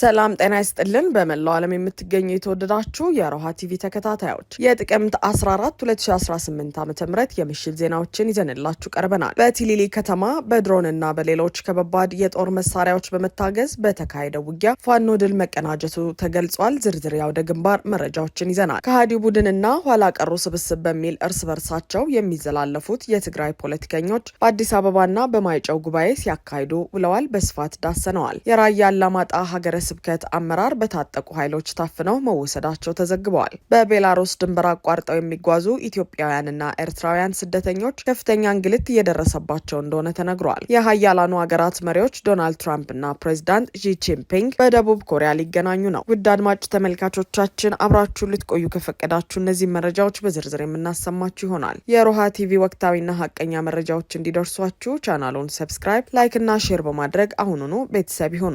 ሰላም ጤና ይስጥልን። በመላው ዓለም የምትገኙ የተወደዳችሁ የሮሃ ቲቪ ተከታታዮች የጥቅምት 14 2018 ዓ ም የምሽት ዜናዎችን ይዘንላችሁ ቀርበናል። በቲሊሊ ከተማ በድሮንና በሌሎች ከባባድ የጦር መሳሪያዎች በመታገዝ በተካሄደው ውጊያ ፋኖ ድል መቀናጀቱ ተገልጿል። ዝርዝር ያውደ ግንባር መረጃዎችን ይዘናል። ከሃዲው ቡድንና ኋላ ቀሩ ስብስብ በሚል እርስ በርሳቸው የሚዘላለፉት የትግራይ ፖለቲከኞች በአዲስ አበባና በማይጨው ጉባኤ ሲያካሂዱ ውለዋል። በስፋት ዳሰነዋል። የራያ አላማጣ ሀገረ ስብከት አመራር በታጠቁ ኃይሎች ታፍነው መወሰዳቸው ተዘግበዋል። በቤላሩስ ድንበር አቋርጠው የሚጓዙ ኢትዮጵያውያንና ኤርትራውያን ስደተኞች ከፍተኛ እንግልት እየደረሰባቸው እንደሆነ ተነግሯል። የሀያላኑ ሀገራት መሪዎች ዶናልድ ትራምፕና ፕሬዚዳንት ዢ ጂንፒንግ በደቡብ ኮሪያ ሊገናኙ ነው። ውድ አድማጭ ተመልካቾቻችን አብራችሁ ልትቆዩ ከፈቀዳችሁ እነዚህ መረጃዎች በዝርዝር የምናሰማችሁ ይሆናል። የሮሃ ቲቪ ወቅታዊና ሀቀኛ መረጃዎች እንዲደርሷችሁ ቻናሉን ሰብስክራይብ፣ ላይክ እና ሼር በማድረግ አሁኑኑ ቤተሰብ ይሁኑ።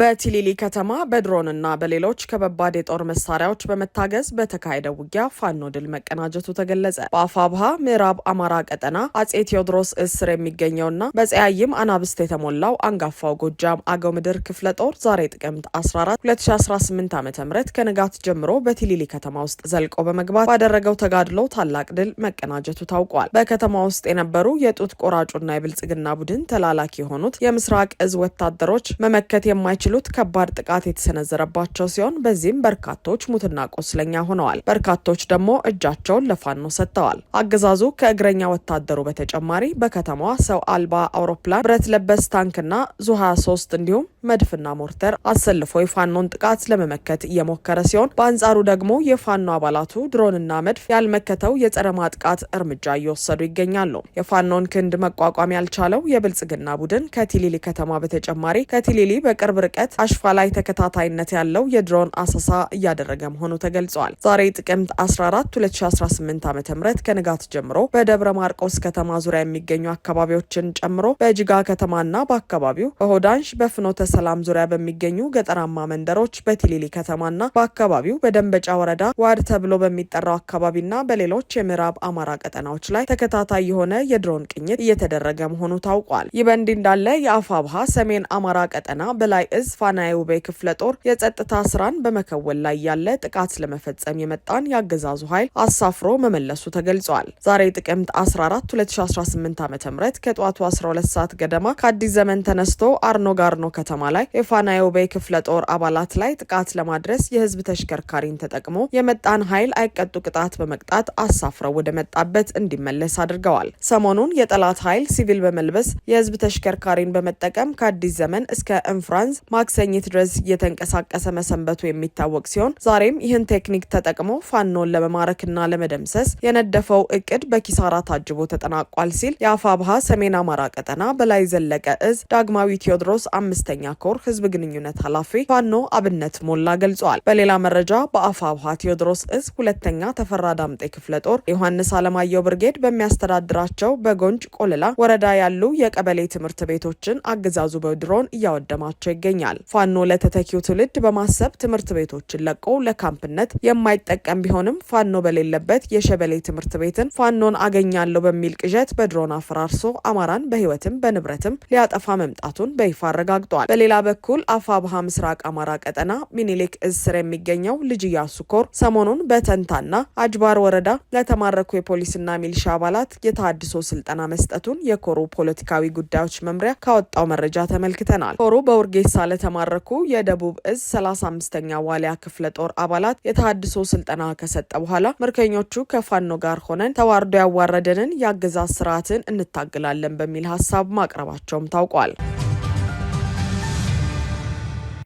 በቲሊሊ ከተማ በድሮንና በሌሎች ከበባድ የጦር መሳሪያዎች በመታገዝ በተካሄደ ውጊያ ፋኖ ድል መቀናጀቱ ተገለጸ። በአፋብሃ ምዕራብ አማራ ቀጠና አጼ ቴዎድሮስ እስር የሚገኘውና በፀያይም አናብስት የተሞላው አንጋፋው ጎጃም አገው ምድር ክፍለ ጦር ዛሬ ጥቅምት 14 2018 ዓ ም ከንጋት ጀምሮ በቲሊሊ ከተማ ውስጥ ዘልቆ በመግባት ባደረገው ተጋድሎ ታላቅ ድል መቀናጀቱ ታውቋል። በከተማ ውስጥ የነበሩ የጡት ቆራጩና የብልጽግና ቡድን ተላላኪ የሆኑት የምስራቅ እዝ ወታደሮች መመከት የማይ ችሎት ከባድ ጥቃት የተሰነዘረባቸው ሲሆን በዚህም በርካቶች ሙትና ቆስለኛ ሆነዋል። በርካቶች ደግሞ እጃቸውን ለፋኖ ሰጥተዋል። አገዛዙ ከእግረኛ ወታደሩ በተጨማሪ በከተማዋ ሰው አልባ አውሮፕላን፣ ብረት ለበስ ታንክና ዙ 23 እንዲሁም መድፍና ሞርተር አሰልፎ የፋኖን ጥቃት ለመመከት እየሞከረ ሲሆን፣ በአንጻሩ ደግሞ የፋኖ አባላቱ ድሮንና መድፍ ያልመከተው የጸረ ማጥቃት እርምጃ እየወሰዱ ይገኛሉ። የፋኖን ክንድ መቋቋም ያልቻለው የብልጽግና ቡድን ከቲሊሊ ከተማ በተጨማሪ ከቲሊሊ በቅርብ ርቀት አሽፋ ላይ ተከታታይነት ያለው የድሮን አሰሳ እያደረገ መሆኑ ተገልጿል። ዛሬ ጥቅምት 14 2018 ዓ ም ከንጋት ጀምሮ በደብረ ማርቆስ ከተማ ዙሪያ የሚገኙ አካባቢዎችን ጨምሮ በጅጋ ከተማና በአካባቢው በሆዳንሽ በፍኖተ ሰላም ዙሪያ በሚገኙ ገጠራማ መንደሮች በቲሊሊ ከተማና በአካባቢው በደንበጫ ወረዳ ዋድ ተብሎ በሚጠራው አካባቢና በሌሎች የምዕራብ አማራ ቀጠናዎች ላይ ተከታታይ የሆነ የድሮን ቅኝት እየተደረገ መሆኑ ታውቋል። ይህ በእንዲህ እንዳለ የአፋብሃ ሰሜን አማራ ቀጠና በላይ እዝ ፋናዬ ውቤ ክፍለ ጦር የጸጥታ ስራን በመከወል ላይ ያለ ጥቃት ለመፈጸም የመጣን የአገዛዙ ኃይል አሳፍሮ መመለሱ ተገልጿል። ዛሬ ጥቅምት 14 2018 ዓ ም ከጠዋቱ 12 ሰዓት ገደማ ከአዲስ ዘመን ተነስቶ አርኖ ጋርኖ ከተማ ላይ የፋናዬ ውቤ ክፍለ ጦር አባላት ላይ ጥቃት ለማድረስ የህዝብ ተሽከርካሪን ተጠቅሞ የመጣን ኃይል አይቀጡ ቅጣት በመቅጣት አሳፍረው ወደ መጣበት እንዲመለስ አድርገዋል። ሰሞኑን የጠላት ኃይል ሲቪል በመልበስ የህዝብ ተሽከርካሪን በመጠቀም ከአዲስ ዘመን እስከ እንፍራንስ ማክሰኝት ድረስ እየተንቀሳቀሰ መሰንበቱ የሚታወቅ ሲሆን ዛሬም ይህን ቴክኒክ ተጠቅሞ ፋኖን ለመማረክና ለመደምሰስ የነደፈው እቅድ በኪሳራ ታጅቦ ተጠናቋል ሲል የአፋብሃ ሰሜን አማራ ቀጠና በላይ ዘለቀ እዝ ዳግማዊ ቴዎድሮስ አምስተኛ ኮር ህዝብ ግንኙነት ኃላፊ ፋኖ አብነት ሞላ ገልጿል። በሌላ መረጃ በአፋብሃ ቴዎድሮስ እዝ ሁለተኛ ተፈራ ዳምጤ ክፍለ ጦር ዮሐንስ አለማየሁ ብርጌድ በሚያስተዳድራቸው በጎንጅ ቆለላ ወረዳ ያሉ የቀበሌ ትምህርት ቤቶችን አገዛዙ በድሮን እያወደማቸው ይገኛል። ይገኛል። ፋኖ ለተተኪው ትውልድ በማሰብ ትምህርት ቤቶችን ለቆ ለካምፕነት የማይጠቀም ቢሆንም ፋኖ በሌለበት የሸበሌ ትምህርት ቤትን ፋኖን አገኛለሁ በሚል ቅዠት በድሮን አፈራርሶ አማራን በህይወትም በንብረትም ሊያጠፋ መምጣቱን በይፋ አረጋግጧል። በሌላ በኩል አፋብሃ ምስራቅ አማራ ቀጠና ሚኒሊክ እዝ ስር የሚገኘው ልጅ ኢያሱ ኮር ሰሞኑን በተንታና አጅባር ወረዳ ለተማረኩ የፖሊስና ሚሊሻ አባላት የተሃድሶ ስልጠና መስጠቱን የኮሩ ፖለቲካዊ ጉዳዮች መምሪያ ካወጣው መረጃ ተመልክተናል። ኮሩ በውርጌሳ ለተማረኩ የደቡብ እዝ 35ኛ ዋሊያ ክፍለ ጦር አባላት የተሃድሶ ስልጠና ከሰጠ በኋላ ምርኮኞቹ ከፋኖ ጋር ሆነን ተዋርዶ ያዋረደንን የአገዛዝ ስርዓትን እንታግላለን በሚል ሀሳብ ማቅረባቸውም ታውቋል።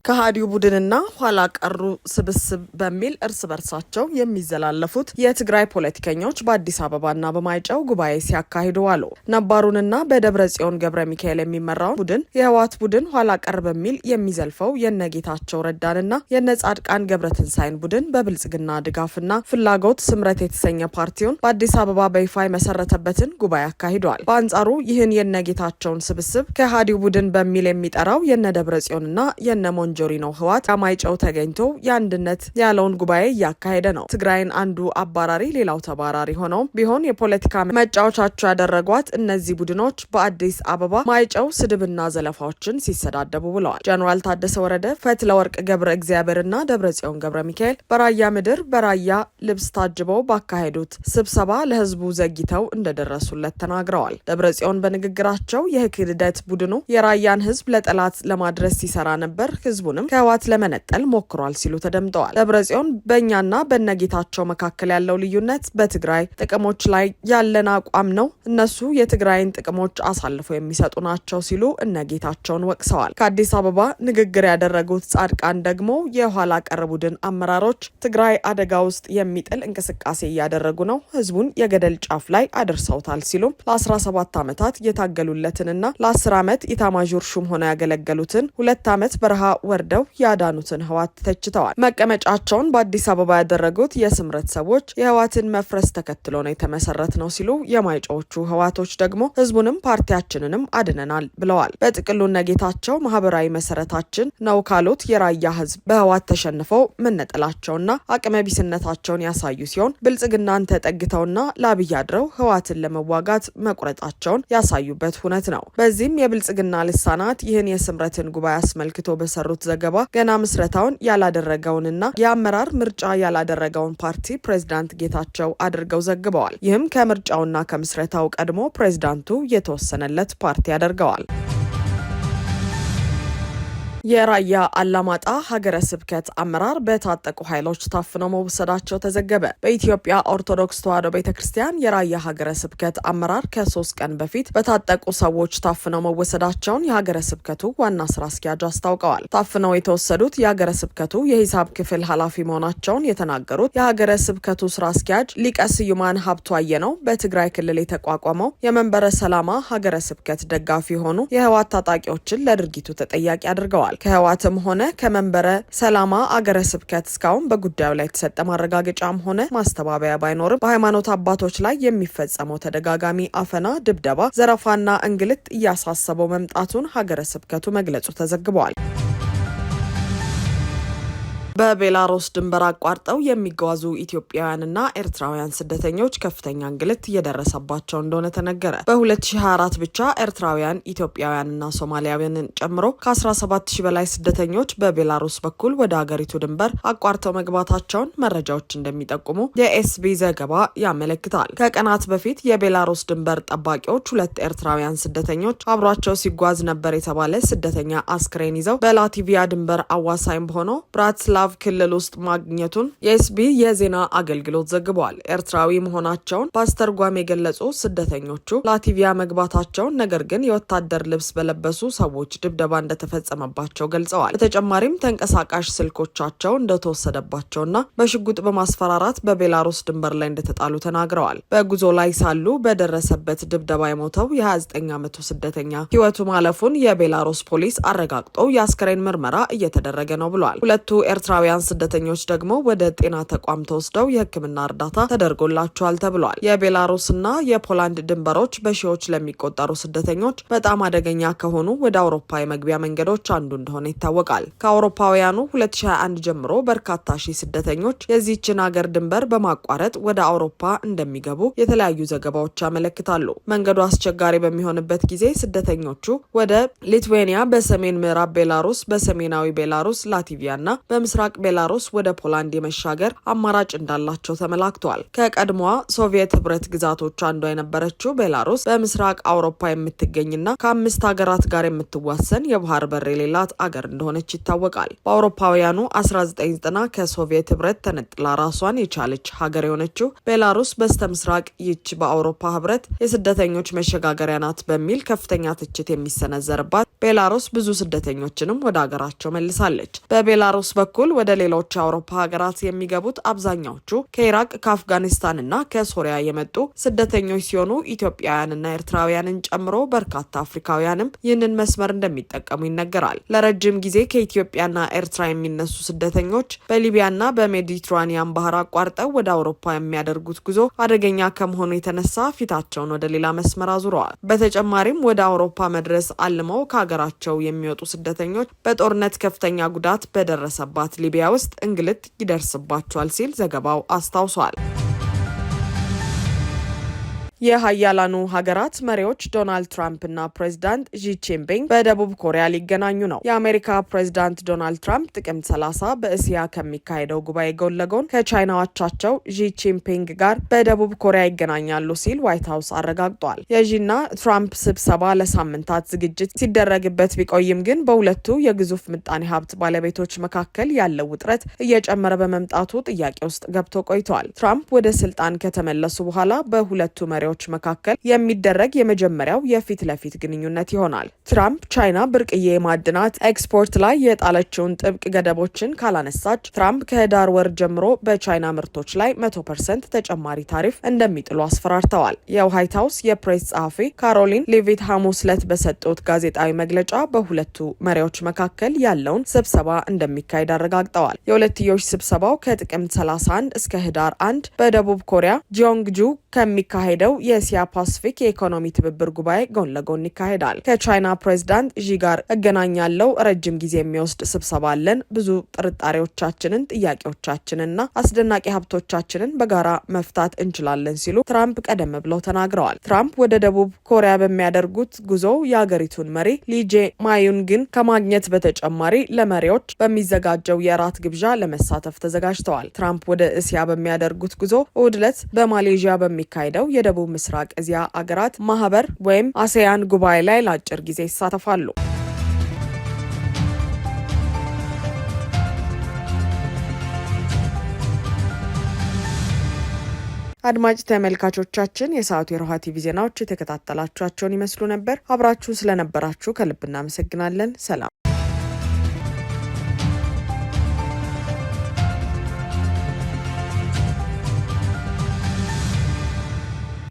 ከሃዲው ቡድንና ኋላ ቀሩ ስብስብ በሚል እርስ በርሳቸው የሚዘላለፉት የትግራይ ፖለቲከኞች በአዲስ አበባና በማይጨው ጉባኤ ሲያካሂዱ አሉ። ነባሩንና በደብረ ጽዮን ገብረ ሚካኤል የሚመራውን ቡድን የህወሓት ቡድን ኋላ ቀር በሚል የሚዘልፈው የነጌታቸው ረዳንና የነጻድቃን ገብረ ትንሳይን ቡድን በብልጽግና ድጋፍና ፍላጎት ስምረት የተሰኘ ፓርቲውን በአዲስ አበባ በይፋ የመሰረተበትን ጉባኤ አካሂደዋል። በአንጻሩ ይህን የነጌታቸውን ስብስብ ከሃዲው ቡድን በሚል የሚጠራው የነ ደብረ ጽዮንና የነ ሞንጆ ኦንጆሪ ነው። ህወሓት ማይጨው ተገኝቶ የአንድነት ያለውን ጉባኤ እያካሄደ ነው። ትግራይን አንዱ አባራሪ ሌላው ተባራሪ ሆነውም ቢሆን የፖለቲካ መጫወቻቸው ያደረጓት እነዚህ ቡድኖች በአዲስ አበባ ማይጨው ስድብና ዘለፋዎችን ሲሰዳደቡ ብለዋል። ጀኔራል ታደሰ ወረደ፣ ፈትለወርቅ ገብረ እግዚአብሔርና ደብረጽዮን ገብረ ሚካኤል በራያ ምድር በራያ ልብስ ታጅበው ባካሄዱት ስብሰባ ለህዝቡ ዘግይተው እንደደረሱለት ተናግረዋል። ደብረጽዮን በንግግራቸው የክህደት ቡድኑ የራያን ህዝብ ለጠላት ለማድረስ ሲሰራ ነበር፣ ህዝቡ ህዝቡንም ከህወሓት ለመነጠል ሞክሯል ሲሉ ተደምጠዋል። ደብረጽዮን በእኛና በነጌታቸው መካከል ያለው ልዩነት በትግራይ ጥቅሞች ላይ ያለን አቋም ነው፣ እነሱ የትግራይን ጥቅሞች አሳልፈው የሚሰጡ ናቸው ሲሉ እነጌታቸውን ወቅሰዋል። ከአዲስ አበባ ንግግር ያደረጉት ጻድቃን ደግሞ የኋላ ቀር ቡድን አመራሮች ትግራይ አደጋ ውስጥ የሚጥል እንቅስቃሴ እያደረጉ ነው፣ ህዝቡን የገደል ጫፍ ላይ አድርሰውታል ሲሉም ለ17 ዓመታት የታገሉለትንና ለ10 ዓመት ኢታማዦር ሹም ሆነው ያገለገሉትን ሁለት ዓመት በረሃ ወርደው ያዳኑትን ህወሓት ተችተዋል። መቀመጫቸውን በአዲስ አበባ ያደረጉት የስምረት ሰዎች የህወሓትን መፍረስ ተከትሎ ነው የተመሰረት ነው ሲሉ የማይጫዎቹ ህወሓቶች ደግሞ ህዝቡንም ፓርቲያችንንም አድነናል ብለዋል። በጥቅሉ ነጌታቸው ማህበራዊ መሰረታችን ነው ካሉት የራያ ህዝብ በህወሓት ተሸንፈው መነጠላቸውና አቅመቢስነታቸውን ያሳዩ ሲሆን ብልጽግናን ተጠግተውና ለአብይ አድረው ህወሓትን ለመዋጋት መቁረጣቸውን ያሳዩበት ሁነት ነው። በዚህም የብልጽግና ልሳናት ይህን የስምረትን ጉባኤ አስመልክቶ በሰሩ ባወጡት ዘገባ ገና ምስረታውን ያላደረገውንና የአመራር ምርጫ ያላደረገውን ፓርቲ ፕሬዚዳንት ጌታቸው አድርገው ዘግበዋል። ይህም ከምርጫውና ከምስረታው ቀድሞ ፕሬዚዳንቱ የተወሰነለት ፓርቲ ያደርገዋል። የራያ አላማጣ ሀገረ ስብከት አመራር በታጠቁ ኃይሎች ታፍነው መወሰዳቸው ተዘገበ። በኢትዮጵያ ኦርቶዶክስ ተዋሕዶ ቤተ ክርስቲያን የራያ ሀገረ ስብከት አመራር ከሶስት ቀን በፊት በታጠቁ ሰዎች ታፍነው መወሰዳቸውን የሀገረ ስብከቱ ዋና ስራ አስኪያጅ አስታውቀዋል። ታፍነው የተወሰዱት የሀገረ ስብከቱ የሂሳብ ክፍል ኃላፊ መሆናቸውን የተናገሩት የሀገረ ስብከቱ ስራ አስኪያጅ ሊቀ ስዩማን ሀብቱ አየነው በትግራይ ክልል የተቋቋመው የመንበረ ሰላማ ሀገረ ስብከት ደጋፊ የሆኑ የህወሓት ታጣቂዎችን ለድርጊቱ ተጠያቂ አድርገዋል። ከህዋትም ሆነ ከመንበረ ሰላማ አገረ ስብከት እስካሁን በጉዳዩ ላይ የተሰጠ ማረጋገጫም ሆነ ማስተባበያ ባይኖርም በሃይማኖት አባቶች ላይ የሚፈጸመው ተደጋጋሚ አፈና፣ ድብደባ፣ ዘረፋና እንግልት እያሳሰበው መምጣቱን ሀገረ ስብከቱ መግለጹ ተዘግበዋል። በቤላሩስ ድንበር አቋርጠው የሚጓዙ ኢትዮጵያውያንና ኤርትራውያን ስደተኞች ከፍተኛ እንግልት እየደረሰባቸው እንደሆነ ተነገረ። በ2024 ብቻ ኤርትራውያን፣ ኢትዮጵያውያንና ሶማሊያውያንን ጨምሮ ከ17 ሺ በላይ ስደተኞች በቤላሩስ በኩል ወደ አገሪቱ ድንበር አቋርተው መግባታቸውን መረጃዎች እንደሚጠቁሙ የኤስቢ ዘገባ ያመለክታል። ከቀናት በፊት የቤላሩስ ድንበር ጠባቂዎች ሁለት ኤርትራውያን ስደተኞች አብሯቸው ሲጓዝ ነበር የተባለ ስደተኛ አስክሬን ይዘው በላቲቪያ ድንበር አዋሳኝ ሆኖ ብራትስላ ምዕራብ ክልል ውስጥ ማግኘቱን የኤስቢ የዜና አገልግሎት ዘግቧል። ኤርትራዊ መሆናቸውን በአስተርጓሚ የገለጹ ስደተኞቹ ላቲቪያ መግባታቸውን ነገር ግን የወታደር ልብስ በለበሱ ሰዎች ድብደባ እንደተፈጸመባቸው ገልጸዋል። በተጨማሪም ተንቀሳቃሽ ስልኮቻቸው እንደተወሰደባቸውና በሽጉጥ በማስፈራራት በቤላሩስ ድንበር ላይ እንደተጣሉ ተናግረዋል። በጉዞ ላይ ሳሉ በደረሰበት ድብደባ የሞተው የ29 ዓመቱ ስደተኛ ህይወቱ ማለፉን የቤላሩስ ፖሊስ አረጋግጦ የአስከሬን ምርመራ እየተደረገ ነው ብሏል። ሁለቱ ኤርትራ ኤርትራውያን ስደተኞች ደግሞ ወደ ጤና ተቋም ተወስደው የሕክምና እርዳታ ተደርጎላቸዋል ተብሏል። የቤላሩስና የፖላንድ ድንበሮች በሺዎች ለሚቆጠሩ ስደተኞች በጣም አደገኛ ከሆኑ ወደ አውሮፓ የመግቢያ መንገዶች አንዱ እንደሆነ ይታወቃል። ከአውሮፓውያኑ 2021 ጀምሮ በርካታ ሺህ ስደተኞች የዚህችን ሀገር ድንበር በማቋረጥ ወደ አውሮፓ እንደሚገቡ የተለያዩ ዘገባዎች ያመለክታሉ። መንገዱ አስቸጋሪ በሚሆንበት ጊዜ ስደተኞቹ ወደ ሊትዌኒያ፣ በሰሜን ምዕራብ ቤላሩስ፣ በሰሜናዊ ቤላሩስ፣ ላቲቪያ እና በምስራቅ ምስራቅ ቤላሩስ ወደ ፖላንድ የመሻገር አማራጭ እንዳላቸው ተመላክቷል። ከቀድሞዋ ሶቪየት ህብረት ግዛቶች አንዷ የነበረችው ቤላሩስ በምስራቅ አውሮፓ የምትገኝና ከአምስት ሀገራት ጋር የምትዋሰን የባህር በር የሌላት አገር እንደሆነች ይታወቃል። በአውሮፓውያኑ 1990 ከሶቪየት ህብረት ተነጥላ ራሷን የቻለች ሀገር የሆነችው ቤላሩስ በስተ ምስራቅ ይች በአውሮፓ ህብረት የስደተኞች መሸጋገሪያ ናት በሚል ከፍተኛ ትችት የሚሰነዘርባት ቤላሩስ ብዙ ስደተኞችንም ወደ ሀገራቸው መልሳለች። በቤላሩስ በኩል ወደ ሌሎች የአውሮፓ ሀገራት የሚገቡት አብዛኛዎቹ ከኢራቅ ከአፍጋኒስታንና ከሶሪያ የመጡ ስደተኞች ሲሆኑ ኢትዮጵያውያንና ኤርትራውያንን ጨምሮ በርካታ አፍሪካውያንም ይህንን መስመር እንደሚጠቀሙ ይነገራል። ለረጅም ጊዜ ከኢትዮጵያና ኤርትራ የሚነሱ ስደተኞች በሊቢያና በሜዲትራኒያን ባህር አቋርጠው ወደ አውሮፓ የሚያደርጉት ጉዞ አደገኛ ከመሆኑ የተነሳ ፊታቸውን ወደ ሌላ መስመር አዙረዋል። በተጨማሪም ወደ አውሮፓ መድረስ አልመው ከሀገራቸው የሚወጡ ስደተኞች በጦርነት ከፍተኛ ጉዳት በደረሰባት ሊቢያ ውስጥ እንግልት ይደርስባቸዋል ሲል ዘገባው አስታውሷል። የሀያላኑ ሀገራት መሪዎች ዶናልድ ትራምፕና ፕሬዚዳንት ዢ ጂንፒንግ በደቡብ ኮሪያ ሊገናኙ ነው። የአሜሪካ ፕሬዚዳንት ዶናልድ ትራምፕ ጥቅምት 30 በእስያ ከሚካሄደው ጉባኤ ጎን ለጎን ከቻይና አቻቸው ዢ ጋር በደቡብ ኮሪያ ይገናኛሉ ሲል ዋይት ሀውስ አረጋግጧል። የዢና ትራምፕ ስብሰባ ለሳምንታት ዝግጅት ሲደረግበት ቢቆይም ግን በሁለቱ የግዙፍ ምጣኔ ሀብት ባለቤቶች መካከል ያለው ውጥረት እየጨመረ በመምጣቱ ጥያቄ ውስጥ ገብቶ ቆይቷል። ትራምፕ ወደ ስልጣን ከተመለሱ በኋላ በሁለቱ መሪዎች ሀገሮች መካከል የሚደረግ የመጀመሪያው የፊት ለፊት ግንኙነት ይሆናል። ትራምፕ ቻይና ብርቅዬ ማዕድናት ኤክስፖርት ላይ የጣለችውን ጥብቅ ገደቦችን ካላነሳች ትራምፕ ከህዳር ወር ጀምሮ በቻይና ምርቶች ላይ መቶ ፐርሰንት ተጨማሪ ታሪፍ እንደሚጥሉ አስፈራርተዋል። የዋይት ሀውስ የፕሬስ ጸሐፊ ካሮሊን ሌቪት ሐሙስ ዕለት በሰጡት ጋዜጣዊ መግለጫ በሁለቱ መሪዎች መካከል ያለውን ስብሰባ እንደሚካሄድ አረጋግጠዋል። የሁለትዮሽ ስብሰባው ከጥቅምት 31 እስከ ህዳር አንድ በደቡብ ኮሪያ ጂዮንግጁ ከሚካሄደው የእስያ ፓስፊክ የኢኮኖሚ ትብብር ጉባኤ ጎን ለጎን ይካሄዳል። ከቻይና ፕሬዚዳንት ዢ ጋር እገናኛለው። ረጅም ጊዜ የሚወስድ ስብሰባ አለን። ብዙ ጥርጣሬዎቻችንን፣ ጥያቄዎቻችንና አስደናቂ ሀብቶቻችንን በጋራ መፍታት እንችላለን ሲሉ ትራምፕ ቀደም ብለው ተናግረዋል። ትራምፕ ወደ ደቡብ ኮሪያ በሚያደርጉት ጉዞ የአገሪቱን መሪ ሊጄ ማዩንግን ከማግኘት በተጨማሪ ለመሪዎች በሚዘጋጀው የእራት ግብዣ ለመሳተፍ ተዘጋጅተዋል። ትራምፕ ወደ እስያ በሚያደርጉት ጉዞ እሁድ ዕለት በማሌዥያ በሚካሄደው የደቡብ የደቡብ ምስራቅ እዚያ አገራት ማህበር ወይም አሴያን ጉባኤ ላይ ለአጭር ጊዜ ይሳተፋሉ። አድማጭ ተመልካቾቻችን የሰዓቱ የሮሃ ቲቪ ዜናዎች የተከታተላችኋቸውን ይመስሉ ነበር። አብራችሁን ስለነበራችሁ ከልብ እናመሰግናለን። ሰላም